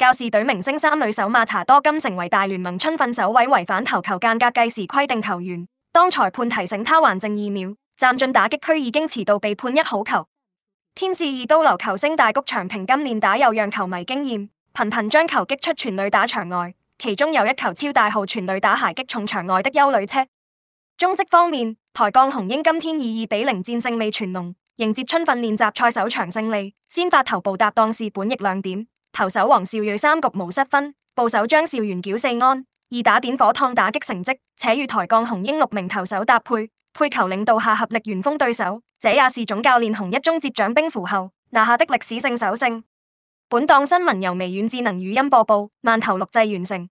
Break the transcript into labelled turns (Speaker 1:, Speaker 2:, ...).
Speaker 1: 教士隊明星三壘手馬查多今成為大聯盟春訓首位違反投球間隔計時規定球員，當裁判提醒他還剩二秒，站進打擊區已經遲到，被判一好球。天使二刀流球星大谷翔平今年打又讓球迷驚艷，頻頻將球擊出全壘打場外，其中有一球超大號全壘打還擊中場外的休旅車。中職方面，台鋼雄鷹今天以二,二比零戰勝味全龍，迎接春訓練習賽首場勝利，先發投手搭檔是本役亮點。投手王少睿三局無失分，捕手張少元繳四安，二打點火燙打擊成績，且與台鋼雄鷹六名投手搭配，配球領導下合力完封對手，這也是總教練洪一中接掌兵符後拿下的歷史性首勝。本檔新聞由微軟智能語音播報，慢投錄製完成。